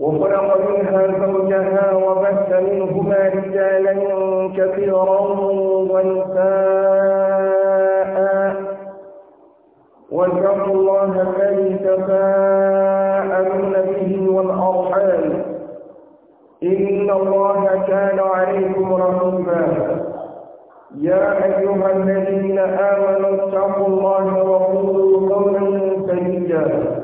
وخلق منها زوجها وبث منهما رجالا كثيرا ونساء واتقوا الله الذي تساءلون به والارحام ان الله كان عليكم رحيما يا ايها الذين امنوا اتقوا الله وقولوا قولا سديدا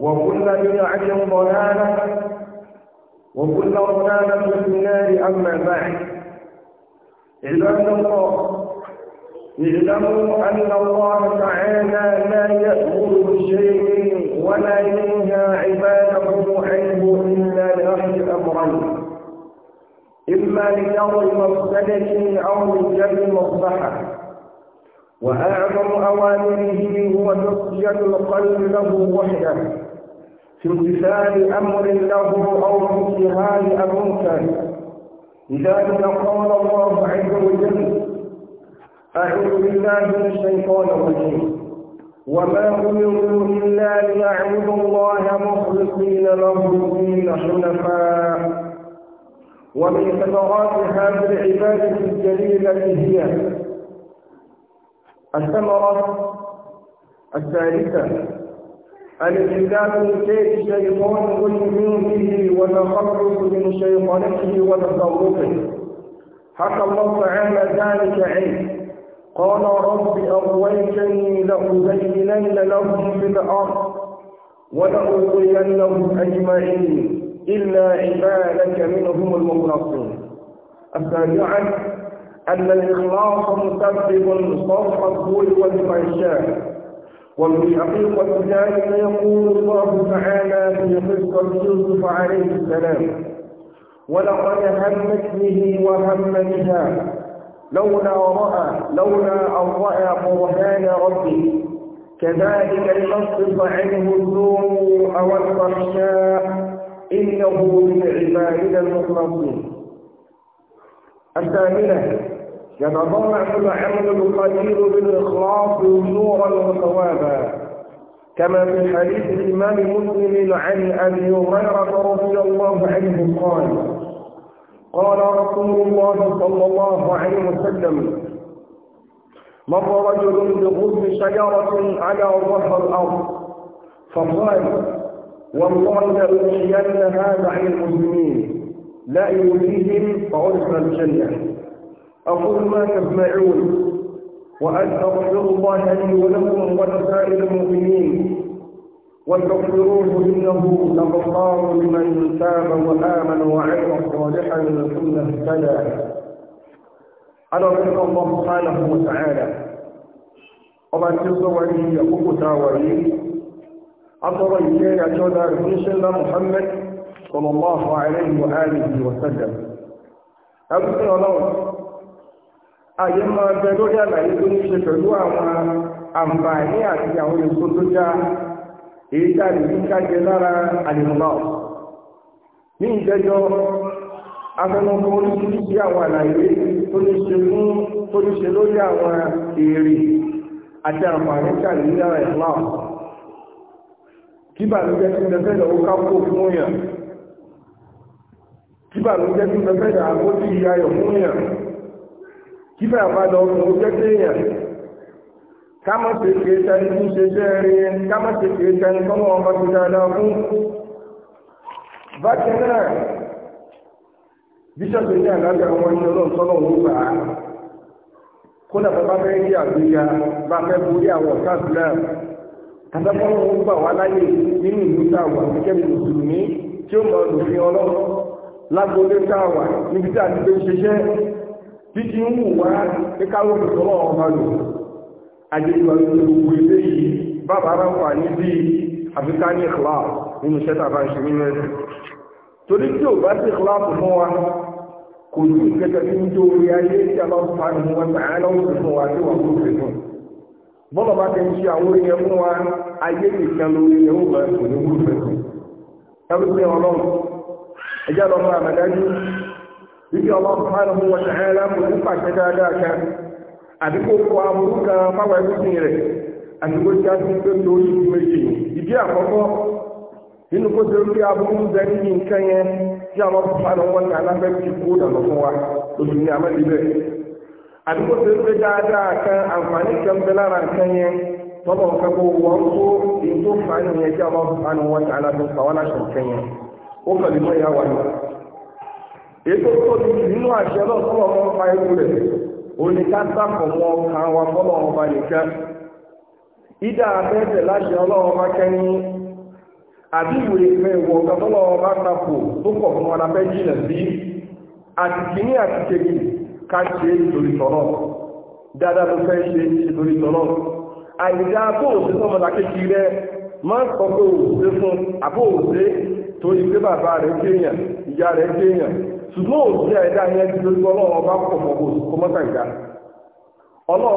وكل بدعة ضلالة وكل ضلالة في النار أما بعد عباد الله اعلموا أن الله تعالى لا يأمر بشيء ولا ينهى عباده عنه إلا لأحد أمرين إما لنرى مفسدة أو لجلب مصلحة وأعظم أوامره هو تصفية القلب له وحده في امتثال أمر له أو انتهاء أمر منكر لذلك قال الله عز وجل أعوذ بالله من الشيطان الرجيم وما أمروا إلا ليعبدوا الله مخلصين له الدين حنفاء ومن ثمرات هذه العبادة الجليلة هي الثمرة الثالثة الالتزام بكيد شيطان ظلمه وتخلص من شيطانته وتصرفه حكى الله تعالى ذلك عنه قال رب أغويتني لأزينن لهم في الأرض ولأغوينهم أجمعين إلا عبادك منهم المخلصين السابعة أن الإخلاص مسبب صرف الظل والفحشاء وفي حقيقة ذلك يقول الله تعالى في قصة يوسف عليه السلام ولقد همت به وهم بها لولا رأى لولا أن رأى برهان ربه كذلك لنصرف عنه السوء أو الفحشاء إنه من عبادنا المخلصين الثامنة يتضمن محمد القدير بالإخلاص وزورا وثوابا كما في حديث الإمام مسلم عن أبي هريرة رضي الله عنه قال قال رسول الله صلى الله عليه وسلم مر رجل بغصن شجرة على ظهر الأرض فقال والله لأوحين هذا عن المسلمين لا يؤذيهم فعرف الجنة أقول ما تسمعون وأن أغفر الله لي ولكم ولسائر المؤمنين واستغفروه إنه لغفار لمن تاب وآمن وعمل صالحا ثم اهتدى أنا أرجو الله سبحانه وتعالى ومن tí ó يقول ní àkókòta wà ní àtọrọ محمد صلى الله عليه وآله وسلم wa alihi àyè máa bẹ lórí àlàyé tó ní ṣe pẹ̀lú àwọn àǹfààní àti àwọn èso tó já èyí tá lè fi kájẹ lára àlèmọ́ ní ìjẹjọ́ afẹnukọ oríṣiríṣi àwọn àlàyé tó ní ṣe fún tó ní ṣe lórí àwọn èrè àti àǹfààní kàlè lára ìlà kí bàlújẹ́ tí bẹ́fẹ́ lọ́wọ́ kápò fún yàn kí bàlújẹ́ tí bẹ́fẹ́ lọ́wọ́ kó sí fún yàn kíbẹ̀ àbálọ ọmọ jẹ́gbé èèyàn kámọ́ sí kí é tẹni tún ṣe jẹ́ rí kámọ́ sí kí é tẹni kọ́mọ́ ọmọ ti dáadáa fún bákan náà bíṣọ́pù ní àlàáfíà wọn ní ọlọ́run tọ́lọ̀ ń gbà á kó dàbọ̀ bá fẹ́ rí àgbéga bá fẹ́ borí àwọn ọ̀tá ìsìlẹ̀ àtàkùn ń gbà wá láyé nínú ìlú táwà gẹ́gẹ́ bí mùsùlùmí tí ó mọ òfin ọlọ́run lágbo lé táwà níbi tí a ti ṣiṣẹ́ títí ń wù wá kíkáwò ìtọ́lọ̀ ọmọ lò àjẹ́gbà gbogbo ilé yìí bàbá rán fà ní bí àfikà ní ìkìláàpù nínú ṣẹ́ta bá ń ṣe nínú ẹ̀sìn torí tí ò bá sí ìkìláàpù fún wa kò sí ìkẹta tí ń jó orí ayé tí a bá ń fa nínú wọn tàn án lọ́wọ́ fún wa tí wà kó fẹ́ fún bọ́lá bá ti ń ṣe àwọn orí yẹn fún wa ayé nìkan lórí yẹn ó bá ní wúlò fẹ́ fún ẹgbẹ́ ọlọ́run ẹjẹ́ lọ́mọ àmàdájú níbi ọlọ́run subhanahu wa ta'ala kò ní pàṣẹ dáadáa kan àbí kò kọ aburú kan fáwọn ẹgbẹ́ rẹ̀ àti kó já sí pé lórí méjì ìdí àkọ́kọ́ nínú kó ṣe orí aburú ń níbi nǹkan yẹn tí ọlọ́run subhanahu wa ta'ala fẹ́ ti kó dànù fún wa lóṣù ní amẹ́lì bẹ́ẹ̀ àbí kó ṣe dáadáa àǹfààní kan bẹ lára nǹkan yẹn kó wọ́n tó nìyẹn tí ọlọ́run ètò tó ti nínú àṣẹ lọ́sọ̀rọ̀ ọmọ ọba ikú rẹ̀ òní ká sáfọ̀ mọ́ ọkàn wa fọ́lọ́ ọba nìkan ìdá abẹ́tẹ̀ láṣẹ ọlọ́run ọba kẹ́ni àbí ìwé ìfẹ́ ìwọ ọ̀gá fọ́lọ́ tó pọ̀ fún jìnà sí àti kìíní àti kejì ká ṣe dáadáa ló fẹ́ ṣe àìdá tó ò sí rẹ máa ń sọ pé fún àbó ṣùgbọ́n òsì àìdá yẹn ti lórí pọ̀ mọ́ oṣù kó mọ́ta ìdá pọ̀ mọ́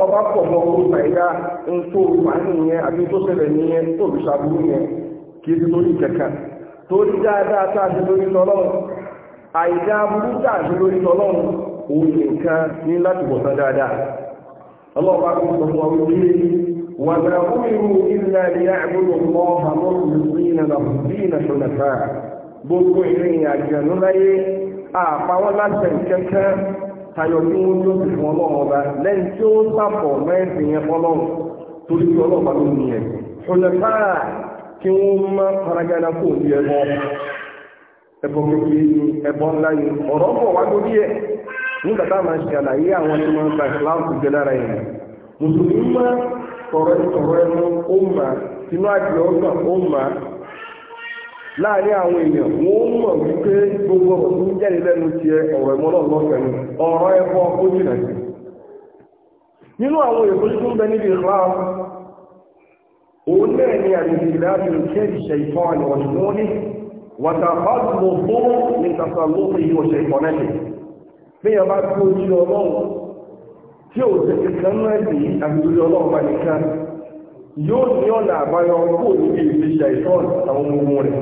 oṣù wà nìyẹn àbí tó ṣẹlẹ̀ nìyẹn tó fi ṣàbúrú yẹn ti lórí torí dáadáa tá a ti lórí tọ́lọ́run àìdá burú tá a ti lórí tọ́lọ́run òun ní láti bọ̀ sán dáadáa ọlọ́run bá kún sọ̀rọ̀ wípé wà á kúrú ìyá mọ́ gbogbo àpawọ́ láti kẹ́kẹ́ tayọ bí wọ́n yóò fi wọn lọ́wọ́ ọba lẹ́yìn tí ó sàpọ̀ mẹ́rin yẹn torí ló ní ẹ̀ ẹbọ ẹbọ kékeré ní ẹbọ ńlá yìí ọ̀rọ̀ bọ̀ wá lórí ẹ̀ a máa àwọn tí wọ́n gba jẹ lára mùsùlùmí má láàrin àwọn èèyàn wọn ó mọ̀ wípé gbogbo ọ̀rọ̀ tó ń jẹ́rìí lẹ́nu ọ̀rọ̀ ọ̀rọ̀ ẹ̀kọ́ ó jìnà nínú àwọn èèyàn tó ń bẹ níbi ìlú àwọn ni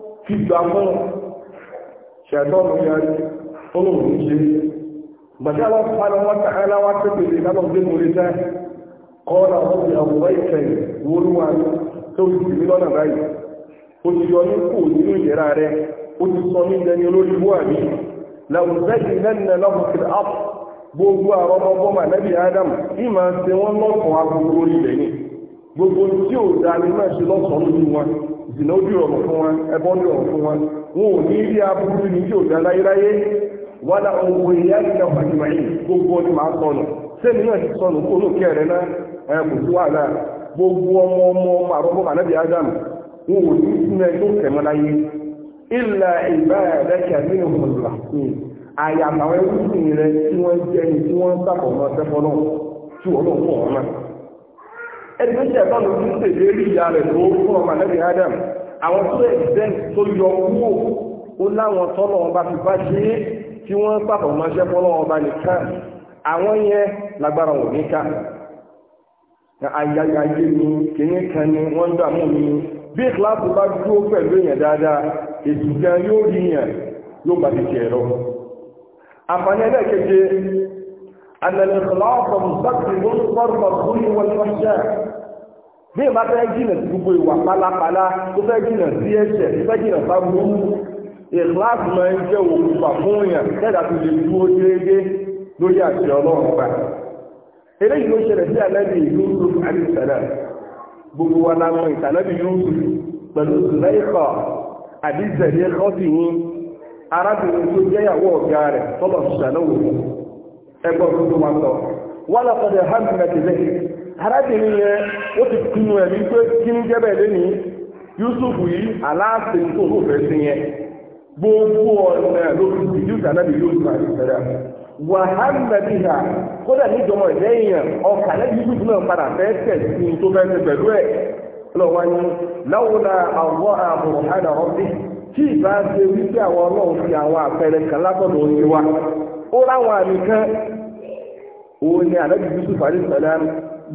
gbígbà mọ́ràn ṣẹ̀dọ́nù yẹn olóòrùn ṣe gbàjá wọn fara wọn tààlà wọn tẹ́pẹ̀lẹ̀ lánàá gbé mú lẹ́jẹ́ kọ́ọ̀lá wọn fi àwùwá ìfẹ̀ wọlúwa tó ti fi lọ́nà báyìí ó ti yọ ní kò nínú ìlera rẹ ó ti sọ ní gbogbo àwọn ọmọ ọgbọ́n màlẹ́bí Adam ìmọ̀ ṣe wọ́n lọ́kọ̀ọ́ agbóhóró ilẹ̀ ni gbogbo tí ò dáa ní máa ṣe lọ́sọ̀ọ́ lójú wọn ìsìnà ojú ọ̀rọ̀ fún wọn ẹbọ́ ní ọ̀rọ̀ fún wọn wọn ò ní rí aburú ní tí ò dá láyéráyé wà lá ohun èyí àìsíkà fàjìmọ̀ yìí gbogbo ọdún máa sọnù sẹ́ni náà ti sọnù kó lókè rẹ̀ náà ẹ kò sí wàhálà gbogbo ọmọ ọmọ ọmọ àrọ́bọ̀ ànábì Adam wọn ò ní sínú ẹjọ́ tẹ̀mọ́ láyé ilà ìgbà ẹ̀dẹ́kẹ̀ nínú mọ̀lá àyàfàwọn ẹrú sì rẹ̀ tí wọ́n jẹ́ ni tí wọ́n sàkọ̀mọ́ sẹ́fọ́ náà tí wọ́n náà fọ̀ wọn náà ẹni tó ṣẹ̀tọ́ ló ti ń tèlé rí ìyá rẹ̀ tó fún ọmọ àlẹ́bí Adam àwọn tó tó yọ kúrò ó láwọn tọ́lọ̀ wọn bá bá ṣe é tí wọ́n pàtàkì máa ṣẹ́ fọ́lọ́ nìkan àwọn yẹn lágbára wọn níka ayayayé ni kìíní kan ni wọ́n ń dààmú mi bí أن الإخلاص مستقبل ضرب الخلق والفحشاء bí ìbá fẹ́ jìnà sí gbogbo ìwà pálapàla tó fẹ́ jìnà sí ẹ̀ṣẹ̀ tó fẹ́ jìnà sá burú ìkíláàsì máa ń jẹ́ òkùnfà fún èèyàn lẹ́dàá tó lè dúró déédé lórí àṣẹ ọlọ́run gbà eléyìí ló ṣẹlẹ̀ sí ànábì Yusuf alisana gbogbo wa la mọ ìtànábì Yusuf pẹ̀lú zulaikọ àbí zẹ̀lẹ́ kọ́sì yín arábìnrin tó jẹ́yàwó ọ̀gá rẹ̀ tọ́lọ̀ ṣàlọ́wọ́ ẹgbọ́n tó tó wọn lọ wọ́n lọ sọ́dọ̀ hamlet lẹ́yìn arábìnrin yẹn ó ti pinnu ẹ̀mí pé kí n'i Yusuf yìí aláàfin tó tó fẹ́ sí yẹn gbogbo ọ̀nà ló fi ti Yusuf anábì Yusuf àti sẹ́dá wàhálàbí ha kódà níjọmọ ọkà Yusuf náà padà sí tó ni àwọn tí ìbá ṣe wípé àwọn ọlọ́run fi àwọn àpẹẹrẹ kan wa ó ráwọn àmì kan òun ni àlẹ́bí Yusuf alisalam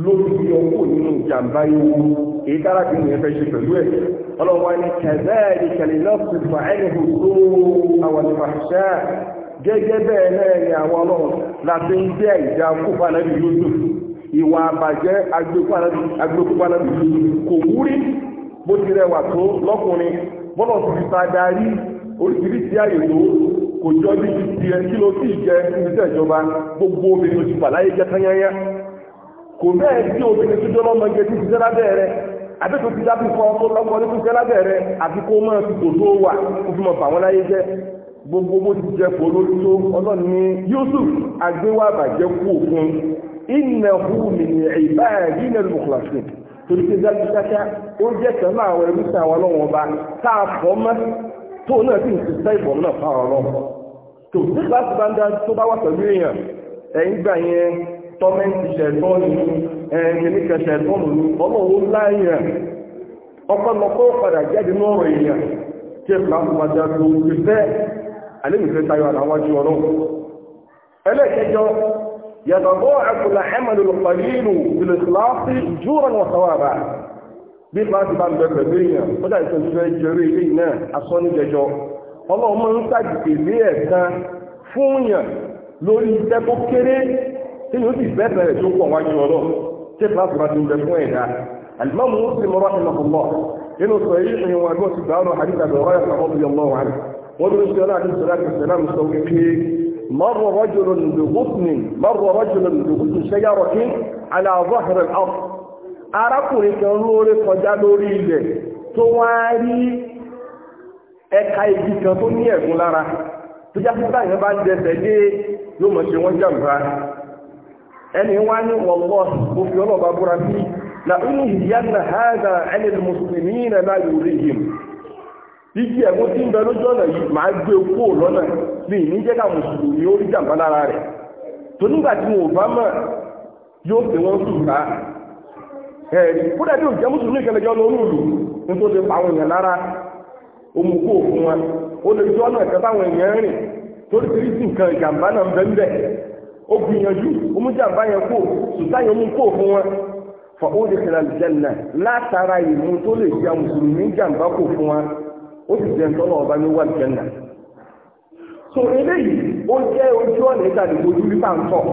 lórí ọkọ̀ nínú jàǹbá ewu èyí tára kí ni ẹfẹ́ ṣe pẹ̀lú ẹ̀ ọlọ́wọ́ ni kẹ̀lẹ́ẹ̀dì kẹ̀lẹ́ lọ́sùn fà ẹnìhù tó àwọn náà ni àwọn ọlọ́run láti ń jẹ́ ìjà kópa àlẹ́bí Yusuf ìwà àbàjẹ́ agbókópa àlẹ́bí Yusuf kò wúrí bó kò jọ bí ti di ẹ kí ló sì jẹ níṣẹ́ ìjọba gbogbo obìnrin oṣù fàlàyé jẹ kányányá kò bẹ́ẹ̀ tí obìnrin tó jọlọ́ mọ́gẹ́ tí ti sẹ́lábẹ́ rẹ àbẹ́tò ti dábì kan tó lọ́kọ́ ní tó sẹ́lábẹ́ rẹ àti kó mọ́ tò tó wà kó fi mọ̀ fà wọ́n láyé jẹ́ gbogbo bó ti jẹ pọ̀ lórí tó ọlọ́ni Yusuf agbéwà bàjẹ́ kú òfin innahu min ibadina al-mukhlasin torí pé dájúdájá ó jẹ́ tẹ̀lé àwọn ẹrú sí àwọn ọlọ́wọ́n ọba tá a fọ́ mọ́ tóun náà sì ń ti sẹ́ ìbọn náà fáwọn ọlọ́wọ́ tó tí láti bá ń dá tó bá wà pẹ̀lú èèyàn ẹ̀yìn gbà yẹn tọ́mẹ́ntì ṣẹ̀tọ́nù ẹ̀mìnìkẹ̀ ṣẹ̀tọ́nù ní ọmọ owó láyàn ọpọlọpọ̀ padà jáde lọ́rọ̀ èèyàn tí ẹ̀ máa fún adá tó ti fẹ́ alẹ́mìfẹ́ tayọ àdáwájú ọ̀rọ̀ ẹlẹ́kẹjọ yàtọ̀bọ́ àkùlà ẹ̀mọ̀lù pàlínù ìlẹ̀sìláàfì júrọ̀ ní ọ̀sánwàrà bí bá ti bá ń bẹ̀rẹ̀ pẹ̀lú èèyàn ó dà ilé náà asọ́ ọlọ́run máa ń ṣàgbègbè lé ẹ̀san fún yàn lórí iṣẹ́ tó kéré tí yóò sì bẹ́ẹ̀ bẹ̀rẹ̀ tó pọ̀ wájú ọlọ́run tí ìfà àfúrà ti ń bẹ fún ẹ̀dá alimami muslim rahimahullah nínú sọ èyí ìrìn wọn ẹgbọ́n ti gbà ọ̀rọ̀ hadith àbẹ̀ ọ̀rọ̀ ẹ̀sán ọmọ wa wọn ló ń ṣe ọlọ́run àti sọlá àti sọlá sọ wípé مر رجل بغصن مر رجل بغصن شجرة على ظهر الأرض arákùnrin kan lóore kọjá lórí ilẹ̀ tó wá rí ẹka igi kan tó ní ẹ̀gún lára tó já sí bá ń dẹsẹ̀ dé yóò mọ̀ ṣe wọ́n jàǹbá ẹni wá ní wọ́pọ̀ mo fi ọlọ́ba búra sí na inú na hàdà ẹni mùsùlùmí náà náà yóò rí yìí igi ẹ̀gún tí ń bẹ lójú ọ̀nà yìí máa gbé lọ́nà jẹ́ ká mùsùlùmí ó rí jàǹbá lára rẹ̀ tó nígbà tí mo bá mọ̀ yóò fi wọ́n sùn bá bí òjẹ́ mùsùlùmí kẹlẹ́jọ́ nítorí òmùkú òfin wa ó lè jọ ọ̀nà ìkan táwọn èèyàn rìn torí tí sí nǹkan ìjàmbá náà bẹ́ẹ̀ bẹ́ẹ̀ ó gbìyànjú ó mú jàmbá yẹn kó sùtáyọ̀ mú kó òfin wa fa ó lè tẹ̀lé àlùjẹ́nà látara ìmú tó lè jẹ́ mùsùlùmí jàmbá kó fún wa ó sì jẹ́ ntọ́nà ọba ní wà àlùjẹ́nà. so eléyìí ó jẹ́ ojú ọ̀nà ìtàlẹ̀ ojú bí bá ń tọ̀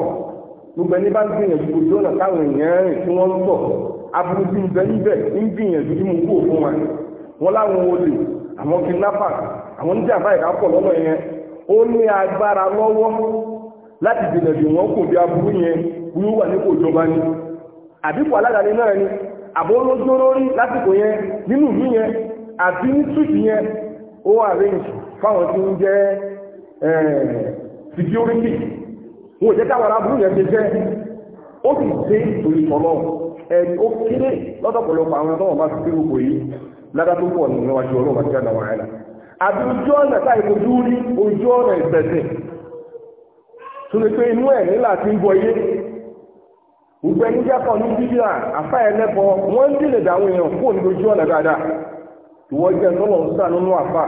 gbogbo ẹni bá ń gbìyànjú ojú ọ̀nà táwọn èèyàn rìn tí wọ́n ń tọ̀ aburú bí ń bẹ níbẹ̀ ń gbìyànjú mú kó fún wa wọn láwọn olè àwọn kidnapper àwọn oníjàmbá ìkápọ̀ lọ́nà yẹn ó ní agbára lọ́wọ́ láti dènà dè wọ́n kò bí aburú yẹn wíwú wà ní kò jọba ni àbíkò náà ni àbó lójó lásìkò yẹn nínú ìlú yẹn àti ní túùtù yẹn ó arrange fáwọn tí ń jẹ́ eh, security wọn ò káwọn aburú yẹn ti jẹ́ ó sì dé ẹni ó kéré àwọn wọn bá ti kéré òkò yìí lára tó pọ̀ nínú wájú ọlọ́run àti ọ̀nà wàhálà àbí ojú ọ̀nà táì kojú rí ojú ọ̀nà ìbẹ̀sẹ̀ tó lè pé inú ẹ̀ nílà tí ń gbọ́yé gbogbo ẹni jẹ́ kan ní bíbíà àfá ẹ̀ lẹ́bọ̀ wọ́n ń dìlẹ̀ dáwọn èèyàn kó ní ojú ọ̀nà dáadáa ìwọ jẹ́ tọ́lọ̀ ń sà nínú àfá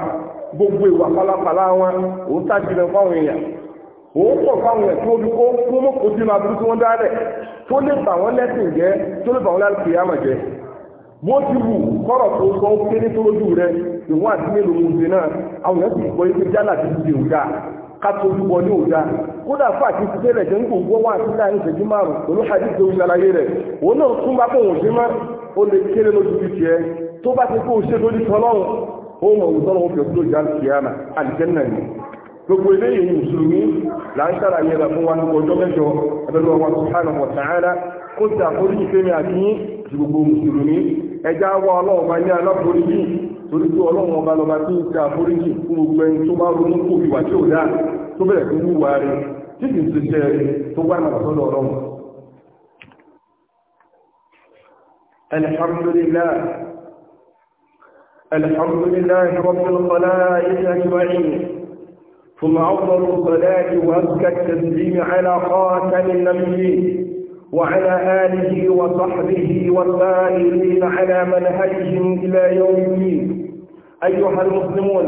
gbogbo ìwà pálapàla wọn òun sájìnà fáwọn èèyàn òun pọ̀ fáwọn ẹ̀ tó bí ó kú mọ́ kó sí máa burú tí wọ́n dálẹ̀ tó lè bà wọ́n lẹ́sìn jẹ́ tó lè bà wọ́n lálùkù yá mà jẹ́ wọ́n ti wù kọ́rọ̀ tó sọ ó kéré tó lójú rẹ ìwọ́n àti mélòó oúnjẹ náà àwọn èèyàn sì gbọ́ ipe jálà ti di òga ká tójú bọ ní òga kódà fún àti ti tẹ́lẹ̀ jẹ́ ń kò gbọ́ wá àti láàrin ìṣẹ́jú márùn-ún pẹ̀lú àti ìṣẹ́jú ìṣàlàyé rẹ̀ òun náà tún bá bọ̀wọ̀n ṣe mọ́ ó lè kéré lójú ti tiẹ̀ tó bá ti kó o ṣe lórí tọ́lọ́run ó mọ̀ òwúrọ̀ òfin òfin ju gbogbo mùsùlùmí ẹja wá ọlọ́run bá ní aláforíjì torí pé ọlọ́run ọba lọba tí ń ta àforíjì fún gbogbo ẹni tó bá ronú kò ìwà tí ò dá tó bẹ̀rẹ̀ tó wúwa rẹ tí kì í ti jẹ tó wá ìmọ̀ sọ́dọ̀ ọlọ́run. alhamdulillah ثم أفضل الصلاة وأزكى التسليم على خاتم النبيين وعلى آله وصحبه والسائرين على منهجهم إلى يوم الدين أيها المسلمون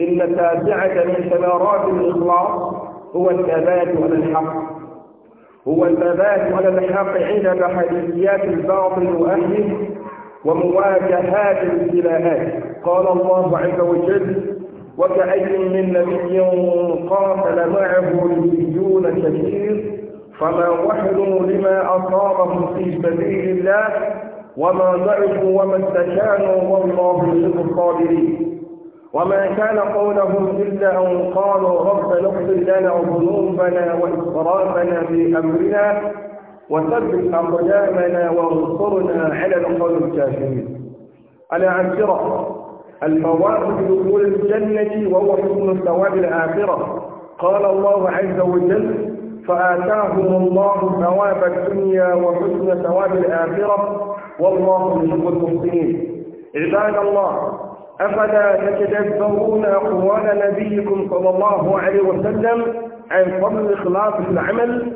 إن تابعة من ثمرات الإخلاص هو الثبات على الحق هو الثبات على الحق عند تحديات الباطل وأهله ومواجهات الابتلاءات قال الله عز وجل وكأي من نبي قاتل معه ربيون كثير فما وحدوا لما أصابهم في سبيل الله وما ضعفوا وما استكانوا والله يحب الصابرين وما كان قولهم إلا أن قالوا ربنا اغفر لنا ذنوبنا وإسرافنا في أمرنا وثبت أقدامنا وانصرنا على القول الكافرين عشرة المواقف بدخول الجنة وهو حسن الثواب الآخرة قال الله عز وجل فآتاهم الله ثواب الدنيا وحسن ثواب الآخرة والله يحب المحسنين عباد الله أفلا تتدبرون أقوال نبيكم صلى الله عليه وسلم عن فضل الإخلاص في العمل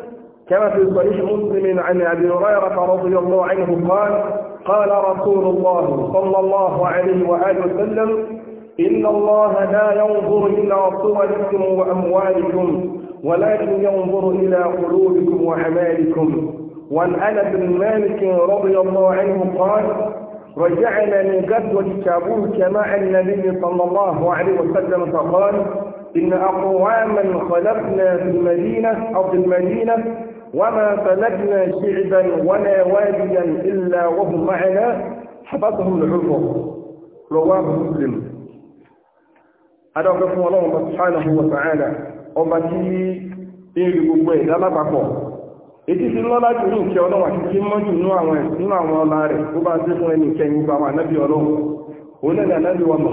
كما في صحيح مسلم عن أبي هريرة رضي الله عنه قال قال رسول الله صلى الله عليه وآله وسلم إن الله لا ينظر إلى صوركم وأموالكم ولكن ينظر إلى قلوبكم وأعمالكم وعن أنس بن مالك رضي الله عنه قال رجعنا من غزوة تابوت مع النبي صلى الله عليه وسلم فقال إن أقواما خلقنا في المدينة أو في المدينة وما خلقنا شعبا ولا واديا إلا وهم معنا حفظهم العذر رواه مسلم أدعو الله سبحانه وتعالى ọba tí èrè gbogbo ẹ̀dá lápapọ̀ ètí ti lọ́lá jù ní ìkẹ́ ọlọ́wà tí kí mọ́ jù àwọn ọlá rẹ̀ ó bá dé fún ẹni ìkẹyìn gbogbo àwọn ànábì ọlọ́run òun náà ànábì gbogbo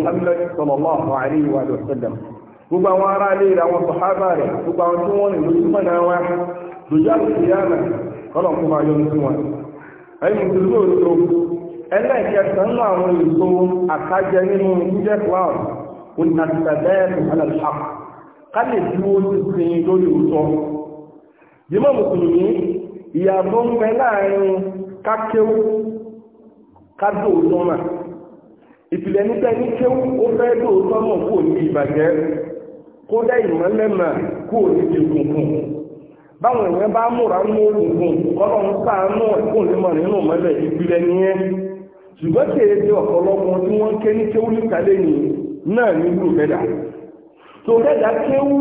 wọn ká lè dúró sísin lórí òótọ́ jẹ́mọ́ mùsùlùmí ìyàtọ̀ ń bẹ láàrin kákéwú kádò òótọ́ mà ìpìlẹ̀ nípa ẹni kéwú ó fẹ́ dò òótọ́ mọ̀ kúrò níbi ìbàjẹ́ kódà ìmọ̀lẹ́mà kúrò níbi ìkùnkùn báwọn èèyàn bá múra mú òkùnkùn kọ́lọ̀ ń sáánú ẹ̀kùn lẹ́mọ̀ nínú mọ́lẹ̀ ìpìlẹ̀ ṣùgbọ́n ọ̀pọ̀lọpọ̀ tí wọ́n ké ní kéwú níkàlẹ́ yìí náà tòkẹ́dà kéwú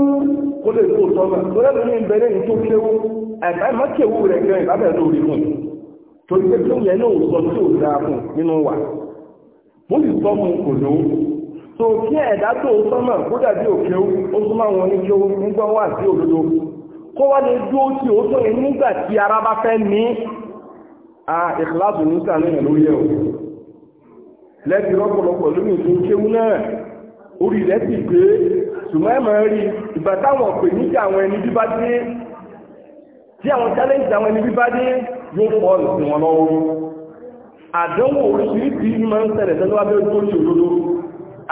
kó lè tó sọ́mà tòkẹ́dà ní ìbẹ̀rẹ̀ ní tó kéwú ẹ̀bá má kéwú rẹ̀ gan ìbábẹ̀ lórí fún torí pé kéwú yẹn náà sọ tí ò dáa fún nínú wà mo sì sọ mu kò lówó tó kí ẹ̀dá tó sọ́mà kó dàbí òkéwú ó súnmọ́ àwọn oníkéwú nígbà wà sí òdodo kó wá lè dúó tí ó tó yẹn nígbà tí ara bá fẹ́ ní a ìkìláàbù ní sàánìyàn ló yẹ o lẹ́bi rọ́pọ̀lọpọ̀ lómi tó kéwú náà orí rẹ̀ sì pé ṣùgbọ́n ẹ̀mọ̀ rí ìgbà táwọn pè ní tí àwọn ẹni bíbá dé tí àwọn challenge àwọn ẹni bíbá dé yóò pọ̀ sí wọn lọ́wọ́ àdánwò oríṣiríṣi ní máa ń ṣẹlẹ̀ tẹ́lú abẹ́ ojú òdodo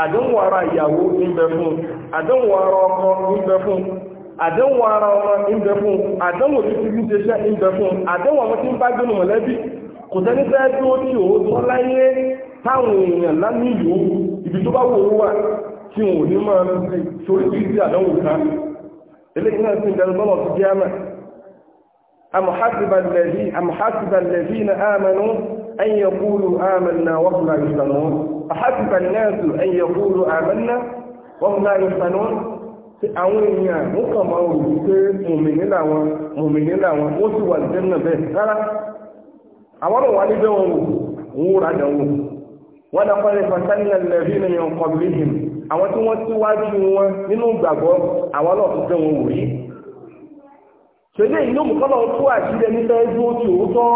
àdánwò ara ìyàwó ń bẹ fún àdánwò ara ọkọ ń bẹ fún àdánwò ara ọmọ ń bẹ fún àdánwò tí ti ń ṣeṣẹ́ ń bẹ fún àdánwò àwọn tí ń bá gbénu mọ̀lẹ́bí kò sẹ́ni fẹ́ tí ó ní òótọ́ láyé táwọn èèyàn lámì ibi tó bá wò ó wà tí wọn ò ní máa lọ sí sórí bí ìdí àdánwò kan eléyìí náà sì ń bẹ̀rù lọ́lọ́ sí jáàmà amhasiba alladhina amanu an yaqulu amanna wa hum la yahzanun ahasiba an-nasu an amanna wa hum la àwọn èèyàn ń kàn máa rò wípé mùmìnì làwọn mùmìnì làwọn ó sì wà lẹ́nu náà bẹ́ẹ̀ rárá àwọn ọ̀rọ̀ níbẹ̀ wọn wò wúra dàn wọn dàpọ̀ lè fàtánilẹ̀ lẹ́bí nìyẹn kọ̀ọ̀bí hìm àwọn tí wọ́n síwájú wọn nínú ìgbàgbọ́ àwọn náà tó jẹ́ wọn wòye ṣẹlẹ̀ ìlú mùkọ́lọ̀ tó àṣírí ẹni fẹ́ dúró tí ó tọ́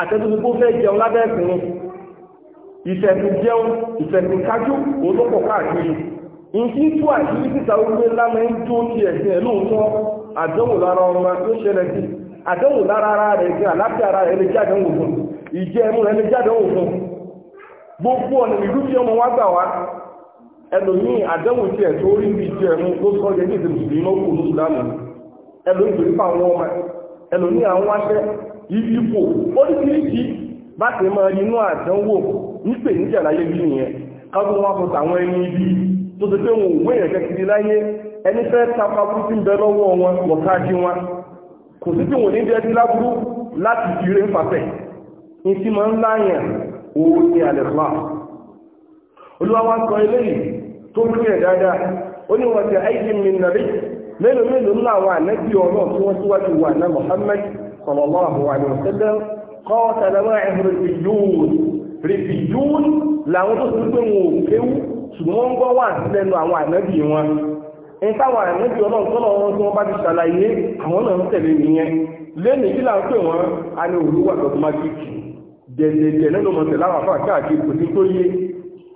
àtẹ́tùtù tó fẹ́ jẹun lábẹ́ ẹ̀sìn ìfẹ̀kù jẹun ìfẹ̀kù kájú òun tó pọ̀ káàkiri nǹkan tó àṣírí síta orílẹ̀ lámẹ́ ń dúró ti ẹ̀sìn ẹ̀ lóòótọ́ àdánwò lára ọmọ tó ṣẹlẹ̀ sí àdánwò lára ara rẹ̀ jẹ́ àlàáfíà ara rẹ̀ lè jáde wò fún ìjẹ́ ẹ̀mú rẹ̀ lè jáde wò fún gbogbo ọ̀nà ìlú tí ọmọ wa gbà wá ẹlòmí àdẹ́wò tí ẹ̀ tó rí bí ìjọ ẹ̀mú tó sọ jẹ́ ní ìdìbò ìmọ̀kù ní ìdáàmú ẹlòmí tó nípa àwọn ọmọ ẹlòmí àwọn aṣẹ ìfipò oríṣiríṣi bá ti mọ inú àdánwò nípè níjà láyé bí nìyẹn káwọn wọn fọ tàwọn ẹni ibi tó ti pé wọn òwe ẹ̀kẹ́ kiri láyé ẹni fẹ́ tapa burú ti ń bẹ lọ́wọ́ wọn lọ́ta jí wọn kò sí tí wọn ní bẹ́ẹ̀ ti láburú láti fi ré ń fàfẹ́ ní tí máa ń láyàn òun ni àlẹ́ fúlàfù olúwa wá sọ eléyìí tó ń kílẹ̀ dáadáa ó ní wọn ti àìsí mi nàbí mélòó mélòó ńlá àwọn ànábì ọlọ́ọ̀ tí wọ́n síwájú wà ná Muhammad sallallahu alaihi wasallam kọ́ sàlámà ẹ̀hùn rìbìyún rìbìyún làwọn tó ti pé wọn ò kéwú ṣùgbọ́n ń gbọ́ wà lẹ́nu àwọn ànábì wọn nǹkan àwọn ànábì ọlọ́ọ̀ tó lọ́wọ́ tí wọ́n bá ti ṣàlàyé àwọn náà ń tẹ̀lé nìyẹn lẹ́nìí kí láwọn pè wọ́n a ní òru wà dẹ̀dẹ̀dẹ̀ lẹ́nu mọ̀tẹ̀ láwọn àfáà káàkiri kò sí tó yé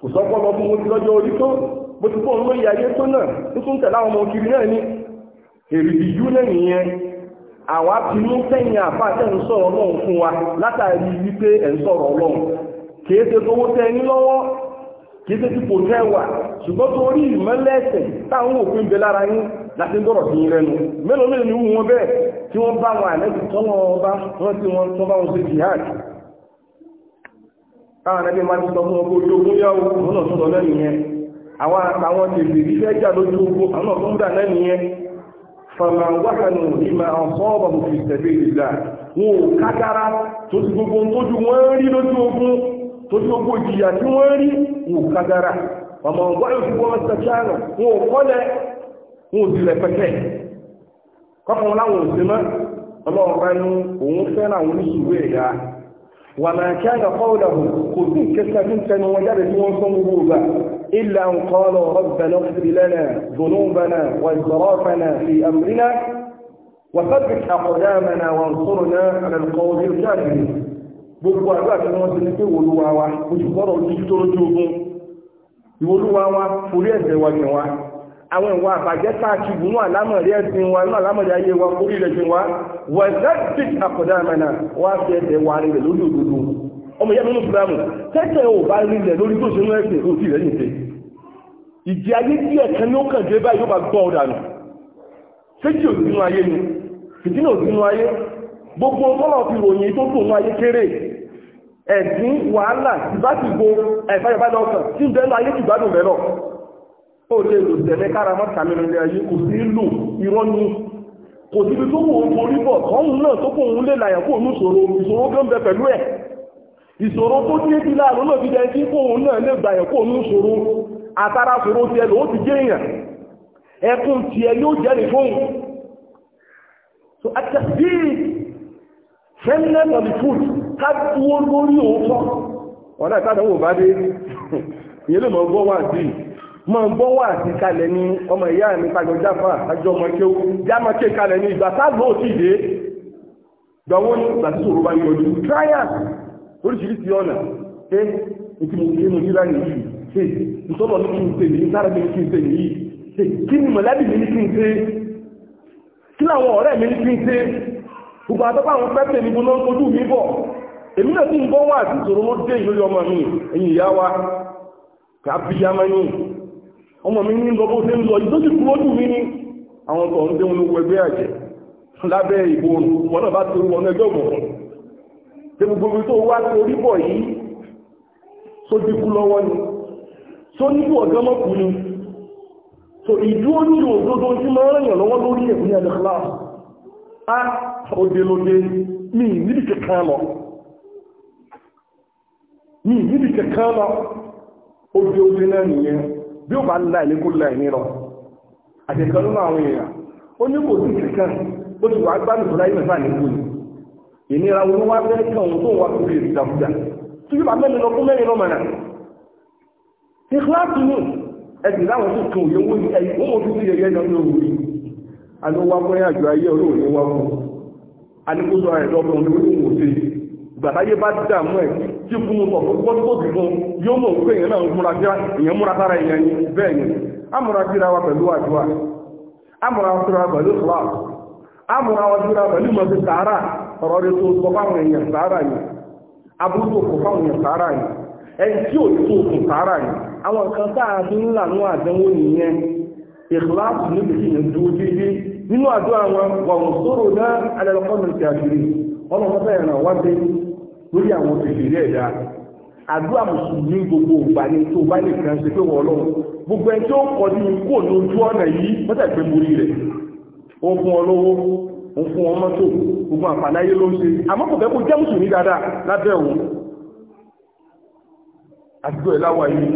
kò sọ́pọ̀ lọ fún mo ti lọ́jọ́ orí tó mo ti fóun lóye ayé tó náà tó tún tẹ̀lé àwọn ọmọ kiri náà ni èrìbì yú náà nìyẹn àwa ti mú sẹ́yìn àfáà tẹ̀ ń sọ̀rọ̀ ọlọ́run fún wa látàrí wípé ẹ̀ ń sọ̀rọ̀ ọlọ́run kìí ṣe tówó tẹ ní lọ́wọ́ kìí ṣe típò tẹ wà ṣùgbọ́n tó rí ìmọ́lẹ́ẹ̀sẹ̀ táwọn òfin bẹ lára yín láti gbọ́rọ̀ sí rẹnu mélòó mélòó ni wọ́n bẹ́ẹ̀ tí wọ́n bá wọn àlẹ́ táwọn ẹbí máa ti sọ fún ọgbọ́ ojú ogun yáwó àwọn náà sọ́dọ̀ lẹ́nu yẹn àwọn àtàwọn tèbè ìfẹ́ jà lójú ogun àwọn náà tún lẹ́nu yẹn fi tẹ̀lé wọn ò tó gbogbo tójú wọn rí lójú ogun ìjìyà tí wọn rí wọn ò ọmọ wọn ò kọ́lẹ̀ wọn ò tilẹ̀ وما كان قولهم كل كسف سنوجد وصنبوبا إلا أن قالوا ربنا اغفر لنا ذنوبنا وإسرافنا في أمرنا وثبت أقدامنا وانصرنا على القوم الكافرين gbogbo àdúrà tí wọ́n ti ní pé wòlúwa wa oṣù gbọ́dọ̀ ojú tó lójú ogun ìwòlúwa wa forí ẹ̀ṣẹ̀ wa jẹ̀ wa àwọn ìwà àbàjẹ́ káàkiri nínú àlámọ̀rí ẹ̀sìn wa nínú àlámọ̀rí ayé wa kórí rẹ̀ sìn wa wọ́n zẹ́tì àkọ́dá àmàna wọ́n á fi ẹsẹ̀ wa rẹ̀ lórí òdodo ọmọ ìyá nínú ìsìlámù tẹ́tẹ̀ ò bá rí rẹ̀ lórí tó ṣe ń rẹ̀sìn ó sì rẹ̀ ní ṣe ìjì ayé tí ẹ̀kan ló kàn dé báyìí ó bá gbọ́ ọ̀dà nù séjì òsínú ayé ni fìdínà òsínú ayé gbogbo ọlọ́ fi ròyìn tó dùn ayé kéré ẹ̀dín wàhálà ìbátìgbò ẹ̀fáyọ̀bá lọ́kàn tí ń bẹ́ẹ̀ lọ ayé tìgbádùn bẹ́ẹ̀ lọ ó lè lò tẹ̀lé káramọ́ kàmínúlẹ̀ ayé kò sí lò irọ́ ní kò sí bí tó kò ń borí bọ̀ kọ́hún náà tó kò ń lè làyà kò ní ìṣòro ìṣòro tó ń bẹ pẹ̀lú ẹ̀ ìṣòro tó dé bí láàrú náà fi jẹ́ kí kóhun náà lè gbà yẹn kó ní ìṣòro àtàrà ṣòro ti ẹ̀ lòó ti jẹ́ èèyàn ẹkùn ti ẹ̀ yóò jẹ́ ní fóun so àtẹ̀sí fẹ́lẹ́ lọ́dí fún ká dúró lórí òótọ́ mọ̀ gbọ́ wà máa ń gbọ́ wà sí kalẹ̀ ní ọmọ ìyá mi pàjọ jáfà àjọ ọmọ ike jámọ́ ké kalẹ̀ ní ìgbà tá lóò sí ìdé dọ̀wọ́ ní ìgbà tí òru ń yọjú trial oríṣiríṣi ọ̀nà pé ìtì mo gbé mo rí láyé ìtọ́lọ̀ ní ni mọ̀lẹ́bí mi ní kí n ṣe kí làwọn ọ̀rẹ́ mi ní kí n ṣe gbogbo àtọ́pọ̀ àwọn pẹ́pẹ́ mi gbóná ojú mi bọ̀ èmi náà sì ń gbọ́ wà sí ìṣòro wọn dé ìlú ọmọ mi ẹ̀yìn ìyá wa kàbíyá máa ń yìn ọmọ mi ní lọ bó ṣe ń lọ yìí tó sì kúrò jù mí ní àwọn ọkọ̀ ń dé wọn lówó ẹgbẹ́ àjẹ́ lábẹ́ ìbò wọn náà bá ti rú wọn ẹgbẹ́ òkùnkùn tí gbogbo ibi tó wá sí orí bọ̀ yìí tó ti kú lọ́wọ́ ni tó nílò ọ̀gá mọ́kù ni tó ìdúró nílò òdodo tí máa ń lọ́wọ́ lórí ẹ̀kún ní àdìkọ́lá a òde lóde mi níbi kankan lọ mi níbi kankan lọ òde òde náà nìyẹn bí ó bá ń láì lékún láì nírọ̀ àṣẹkan nínú àwọn èèyàn ó ní kò sí ìsìnkan ó ti wà gbádùn tó láyé mẹ́fà níkú ni ìnira wo ló wá fẹ́ kàn òun tó wà kúrò ìdàkúdà tó yóò bá mẹ́rin lọ fún mẹ́rin lọ mọ̀nà ìkíláàsì nù ẹ̀sìn láwọn tó kan òye owó ẹ̀yìn ó mọ̀ tó ti yẹ̀yẹ́ lọ ní òwú yìí a ló wá fún àjọ ayé olóòní wá fún a ní kó sọ ẹ̀dọ́ ọkùnrin ní tí fún un sọ̀tún wọ́n tó ti fún yóò mọ̀ pé èèyàn náà múra múra sára ni bẹ́ẹ̀ ni a múra síra wa pẹ̀lú àdúrà a múra síra wa pẹ̀lú ìfúra a múra wa síra pẹ̀lú mọ̀sí sàárà ọ̀rọ̀ tó sọ fáwọn èèyàn sàárà lórí àwọn òṣèlú ẹ̀dá àdúrà mùsùlùmí gbogbo ìgbà ni tó bá lè kàn ṣe pé wọ́n ọlọ́run gbogbo ẹni tó kọ ní kò ní ojú ọ̀nà yìí wọ́n pé mo rí rẹ̀ ó fún ọ lọ́wọ́ ó fún ọ mọ́tò gbogbo àǹfààní ayé ló ń ṣe àmọ́ kò fẹ́ kó jẹ́ mùsùlùmí dáadáa lábẹ́ òun àdúgbò ẹ̀ láwà yìí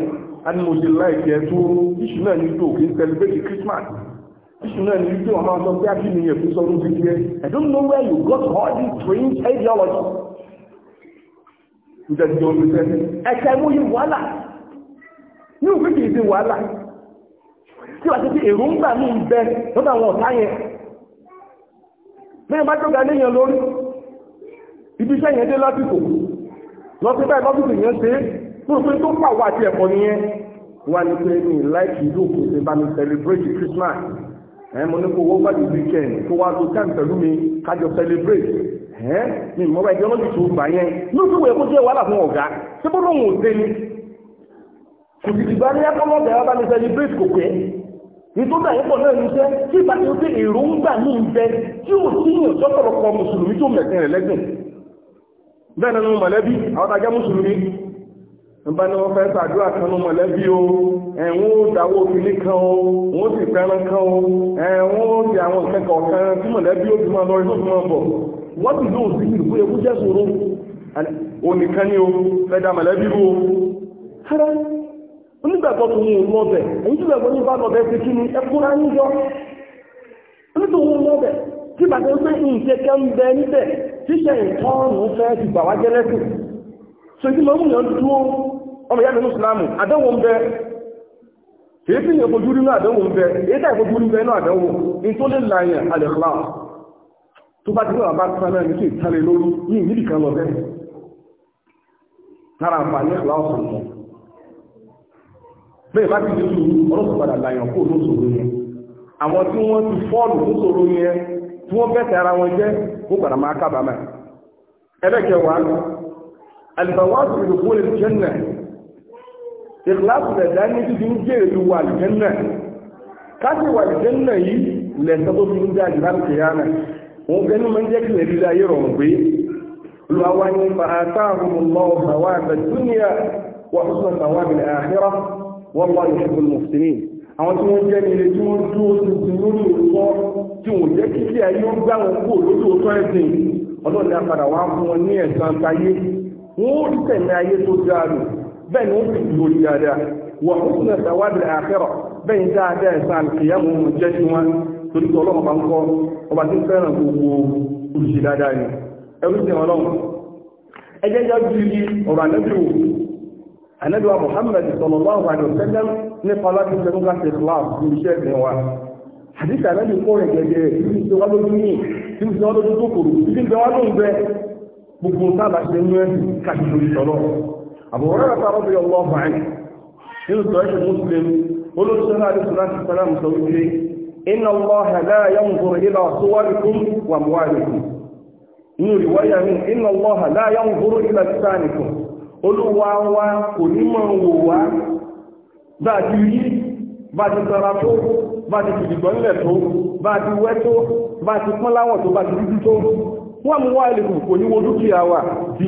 a mo ṣe láìpẹ́ tó iṣu náà ní ìjọ òkè ń celebrate Christmas iṣu náà ní ìjọ àwọn ọmọ ọmọ bí a kí ni ẹ̀kú sọ́dún ti jẹ́ I don't know where you got all this strange ideology ìjẹ́jẹ́ olùsẹ́ ẹ̀kẹ́ mú yí wàhálà ní òfin kìí sí wàhálà tí wà sí pé èròǹgbà ní ìbẹ lọ́dọ̀ àwọn ọ̀tá yẹn mẹ́rin bá tó ga léèyàn lórí ibi iṣẹ́ yẹn dé lásìkò lọ sí báyìí lọ́sìkò yẹn ṣe tó pé tó pàwọ́ àti ẹ̀kọ́ nìyẹn wà ní pé ní láìkì ìlú òkú ṣe bá mi celebrate Christmas ẹ̀ mo ní kó wọ́n gbàdúrà weekend kó wá lo time pẹ̀lú mi kájọ celebrate ẹ́ ní ìmọ̀wá ideology tó gbà yẹn ní oṣù wẹ̀ kó jẹ́ wàhálà fún ọ̀gá ṣé bó lóun ò dé ni kò sì dìgbà ní ẹ̀kọ́ lọ́dẹ̀ ọba ní celebrate kò pẹ́ ìtọ́jà yẹn pọ̀ náà ní iṣẹ́ tí ìgbà tí ó dé èròǹgbà ní ìbẹ tí ò sí ní ọjọ́ pọ̀lọpọ̀ mùsùlùmí tó mẹ̀sìn rẹ̀ lẹ́gbẹ̀ẹ́ bẹ́ẹ̀ nínú mọ̀lẹ́bí àwọn ajá mùsùlùmí nígbà ní wọ́n fẹ́ ṣàdúrà kan ní mọ̀lẹ́bí o ẹ̀wọ̀n ó dáwọ́ òfìlé kan o wọ́n sì fẹ́ràn kan o ẹ̀wọ̀n ó di àwọn ìkẹ́kọ̀ọ́ kan tí mọ̀lẹ́bí ó fi máa lọ inú fi máa bọ̀ wọ́n bí lóò sí ìlú pé ẹkún jẹ́ ṣòro onìkan ní ohun fẹ́dà mọ̀lẹ́bí rú ara onígbàgbọ́ tó mú lọ́bẹ̀ èyí tí gbàgbọ́ ní bá lọ́bẹ̀ ti kí ni ẹkúnra ń yọ nítorí lọ́bẹ̀ tí bàtẹ́ pé ìǹkẹ́kẹ́ ń bẹ níbẹ̀ tíṣẹ́ ìtọ́ọ̀nù fẹ́ ti gbà wá jẹ́lẹ́sìn sojú ma ń yàn dúró ọmọ ìyá nínú islamu àdánwò ń bẹ èyí tí ìyẹn fojú rí náà àdánwò ń bẹ èyí tí àìfojú rí bẹ náà àdánwò ní tó lè láyàn al-ikhlas tó bá ti lọ́wọ́ bá tán náà ní kí ìtàlẹ̀ lórí yìí níbi kan lọ bẹ́ẹ̀ lára àǹfààní aláwọ̀sàn mọ́ bẹ́ẹ̀ bá ti di sùúrù ọlọ́sùn padà làyàn kó ló sọ̀rọ̀ yẹn àwọn tí wọ́n ti fọ́ọ̀lù tó sọ̀rọ̀ yẹn ní ti ń jẹ́ ìlú wà lè jẹ́ nà káṣíwà lè jẹ́ yìí lẹ̀sẹ̀ tó fi ń jẹ́ àjùlá òun gẹ́nu máa ń jẹ́ kí lẹ́bí láyé rọrùn pé olùwàwá ní fàátàhùn lọ́wọ́ àwọn àgbàdúnyà wà ó sọ àwọn àbìlẹ̀ àhírà wọ́n wà ní ṣubú mùsùlùmí àwọn tí wọ́n jẹ́ nílé tí wọ́n dúró tuntun lórí òótọ́ tí wọ́n jẹ́ kí kí ayé ó gbá wọn kú lórí òótọ́ ẹ̀sìn ọlọ́ọ̀ni apàdà wá fún wọn ní ẹ̀sán ayé wọ́n ó rí tẹ̀mí ayé tó dáa lò bẹ́ẹ̀ ni ó sì lórí dáadáa wà ó sì náà sàwádìí àhírà bẹ́ẹ̀ ni dáadáa ẹ̀sán àlùkìyàmù torí pé ọlọ́run bá ń kọ́ ọba tí ń fẹ́ràn gbogbo olùṣe dáadáa ni ẹrú sí ọlọ́run ẹjẹ́ yá ju ibi ọ̀rọ̀ ànẹ́bíò ànẹ́bíò Muhammad sallallahu alaihi wasallam nípa láti fẹ́ fún láti islam ní iṣẹ́ ẹ̀sìn wa àdìsí ànẹ́bí kọ́ rẹ̀ gẹ́gẹ́ ibi tí wọ́n lójú ní ibi tí wọ́n lójú tó kòrò ibi tí wọ́n lójú inna allaha la yanzuru ila suwarikum wa amwalikum inú ìwáyà mi inna allaha la yanzuru ila lisanikum olúwa wa kò ní mọ̀ wò ti rí bá ti tara tó bá ti fìdìgbọ́n nílẹ̀ tó bá ti wẹ́ tó ti pọ́n láwọ̀ ti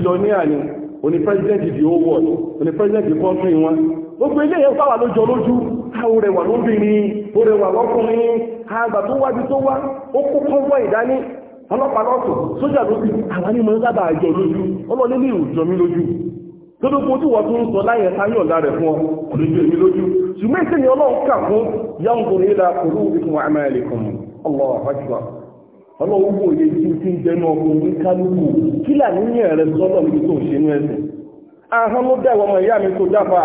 dúdú ni gbogbo ilé yẹn fáwà lójọ lójú káwọn rẹwà lóbìnrin ó rẹwà lọ́kùnrin àgbà tó wájú tó wá ó kó kọ́wọ́ ìdání ọlọ́pàá lọ́tọ̀ sójà lójú àwọn ní mọ́ sábà àjọ lójú ọlọ́lé ní ìjọ mi lójú lódókó tí wọ́n tún sọ sáyọ̀ fún ọ lójú ṣùgbọ́n ọlọ́run kà fún yàǹgò ní ìlà ọlọ́run ọlọ́run wò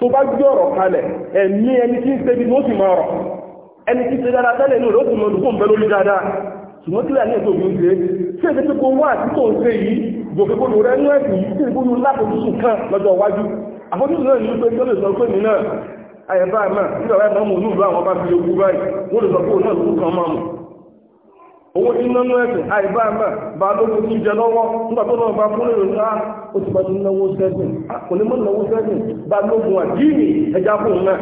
tó bá gbé ọ̀rọ̀ kalẹ̀ ẹ̀mí ẹni tí ń ṣebí ló sì máa rọ̀ ẹni tí ṣe dáadáa tẹ́lẹ̀ inú rẹ̀ ó sì mọ̀ lùkún bẹ́ lórí dáadáa ṣùgbọ́n kílẹ̀ ní ètò òun ṣe tí èdè tó kó wá àti tó ń ṣe yìí gbòkè kó lò rẹ̀ ń rẹ̀ yìí tí ìgbóyún lápòtútù kan lọ́jọ́ iwájú àfojúsùn náà ní pé tó lè sọ pé mi náà àyẹ̀bá àmà nígbà wáyé máa mú òun lù owó tí nínú ẹ̀sìn àìbá ẹ̀mẹ́ bá lókun tí jẹ lọ́wọ́ nígbà tó náà bá fún èrò náà ah, ó ti bá ti náwó sẹ́sìn ah, kò ní mọ́ náwó sẹ́sìn bá lókun àjíìnì ẹja fún un náà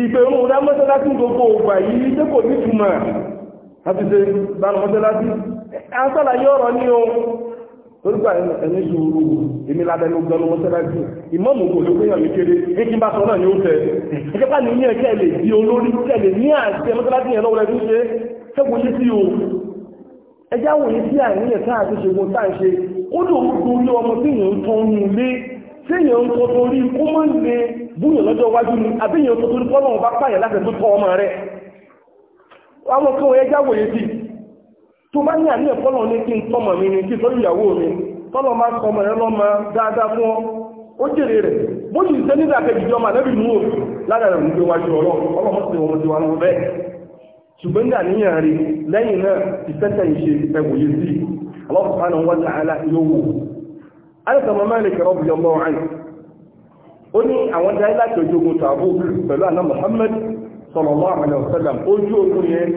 ìpè òun rẹ mọ́sálásí gbogbo ògbà yìí tí kò ní túmọ̀ àti ṣe bá mọ́sálásí àṣàlàyé ọ̀rọ̀ ní o torípa ẹni ṣòro èmi lábẹ́nu gbọ́nà mọ́sálásí ìmọ̀mù kò ló péyàn mi kéré ní bá sọ náà ni ó tẹ̀ ẹ̀kẹ́pá ní ní ẹ̀kẹ́ lè di olórí kẹ́ lè ní àṣẹ mọ́sálásí yẹn lọ́wọ́ rẹ̀ tẹ́kùn sí o ẹjá wò sí àìníyàn sáà tó ṣe gbọ́n táà ṣe ó lò ó torí ọmọ tí èèyàn ń tọ́ ń lé tí èèyàn ń tọ́ torí kó mọ́ ń lè búyàn lọ́jọ́ iwájú ni àbí èèyàn tó torí kọ́lọ̀ bá pààyàn láti tó tọ́ ọmọ rẹ̀ àwọn kan ẹjá wò sí tó bá ní àníyàn kọ́lọ̀ ní kí n tọ́mọ̀ mi ni kí n tọ́jú mi tọ́lọ̀ máa sọ ọmọ rẹ̀ lọ́mọ dáadáa fún ó jèrè rẹ̀ bó sì ń sẹ́ nígbà kẹjì jọmọ àlẹ́bì nù ó lára rẹ̀ ń ṣùgbọ́n ní àníyàn rí lẹ́yìn náà ìfẹ́tẹ̀ ìṣe ẹgbòye sí Allah subhanahu wa ta'ala yóò alẹ́sàmọ́ mẹ́rin kẹrọ bí ọmọ ọ̀rán ó ní àwọn dáyé láti ojú ogun tààbù pẹ̀lú àná Muhammad sallallahu alaihi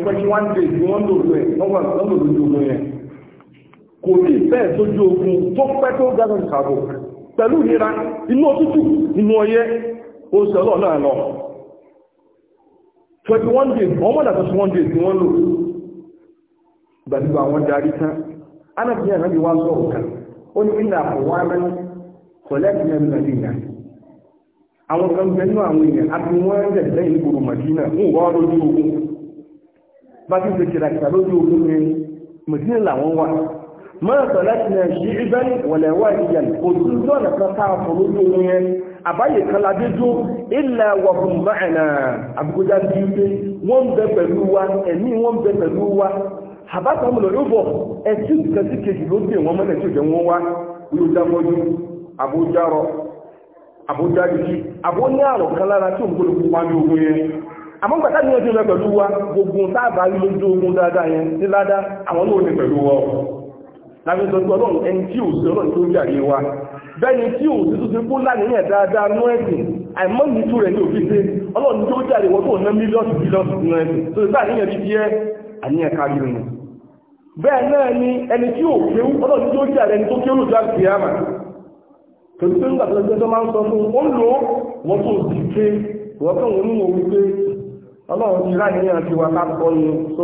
21 days ni wọ́n lòlú ẹ̀ wọ́n wà lọ́nà ojú ogun yẹn kò ní ìfẹ́ sójú ogun tó pẹ́ tó gázọ̀ 21 days wọ́n mọ́dà 21 days tí wọ́n lò gbàdúgbà àwọn darí tán anábìyàn náà bí wá sọ̀rọ̀ kan ó ní ilẹ̀ àpòwá mẹ́rin kọ̀lẹ́kì mẹ́rin àwọn kan bẹ àwọn èèyàn àti wọ́n ń rẹ̀ lẹ́yìn ìgboro Madina ń wá lójú ogun bá ti ṣe kìràkìrà lójú ogun ni Madina làwọn wà mọ́nà kọ̀lẹ́kì náà ṣe ìbẹ́ni wọ̀lẹ̀wà ìyàn òtún tó ọ̀nà kan sáà lójú ogun yẹn àbáyè kan ládé tó ilẹ̀ wọ̀fún máàna àbúkójá sí pé wọ́n bẹ pẹ̀lú wa ẹ̀mí wọ́n bẹ pẹ̀lú wa àbáta ọmọ lọ́dún bọ̀ ẹ̀sìn kan sí kejì ló dé wọn mọ́lẹ̀ tí ó jẹ wọn wá yóò dámọ́jú àbójárọ àbójáríkí àbóní àrùn kan lára tí òun gbọ́dọ̀ pupa ní ogun yẹn àmọ́gbàtà ní ọjọ́ ìrẹ́ pẹ̀lú wa gbogbo táàbà rí lójú ogun dáadáa yẹn ní ládá àwọn náà ní pẹ̀lú wa láti sọ pé ọlọ́run ẹni tí ò sí ọlọ́run tó ń jàre wa bẹ́ẹ̀ni tí ò sí tó ti kó lánìyàn dáadáa nú ẹ̀sìn àìmọ́ nìtú rẹ̀ ní òfin ṣe ọlọ́run tó jàre wọ́n tó ná mílíọ̀nù mílíọ̀nù nú ẹ̀sìn tó ti bá àníyàn bí díẹ̀ àníyàn kárí nù bẹ́ẹ̀ náà ni ẹni tí ò kéwú ọlọ́run tó jàre ẹni tó kéwú lójú àti àmà tòbí ọlọ́run ti ráníyàn ti wà ká bọ́ so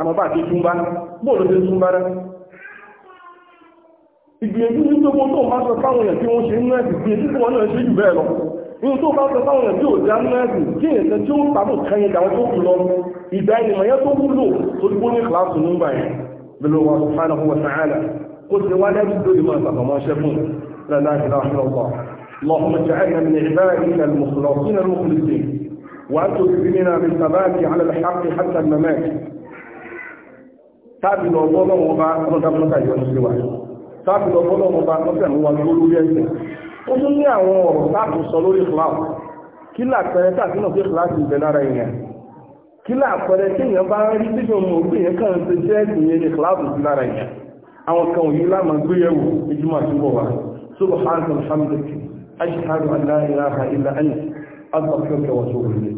àmọ́ bá ti túnbá bóòlù ti túnbá náà ìgbìyànjú ní pé wọ́n tó bá sọ fáwọn èèyàn tí wọ́n ṣe ń nẹ́ẹ̀sì ìgbìyànjú tí wọ́n náà ṣe jù bẹ́ẹ̀ lọ inú tó bá sọ fáwọn èèyàn tí ò já nẹ́ẹ̀sì kí èèyàn tí ó ń tàbí kẹyìn dàwọn tó kù lọ ìgbà ènìyàn yẹn tó wúlò tó dúró ní kìláàsì nígbà yẹn bẹ̀rẹ̀ wọn sọ fáwọn ọmọ sàárà kó ti wá lẹ́rú lórí máa sàfàmọ́ ṣẹ́fún lẹ́nà ìlà ìlọ́gbà اللهم اجعلنا من عبادك المخلصين المخلصين وأن تكرمنا بالثبات على الحق حتى الممات تابع الله وبعد رضا الله يونس táàbì lọ bọ́lọ̀ wọn bá lọ́sẹ̀ ń wá lórí ẹ̀sẹ̀ ó tún ní àwọn ọ̀rọ̀ táàbì sọ lórí ìfúláwù kí làpẹrẹ táàbì náà pé fúláàsì ìbẹ̀ lára èèyàn kí làpẹrẹ tí èèyàn bá rí tí yóò mọ̀ pé èèyàn kàn ń ṣe jẹ́ ìyẹn ní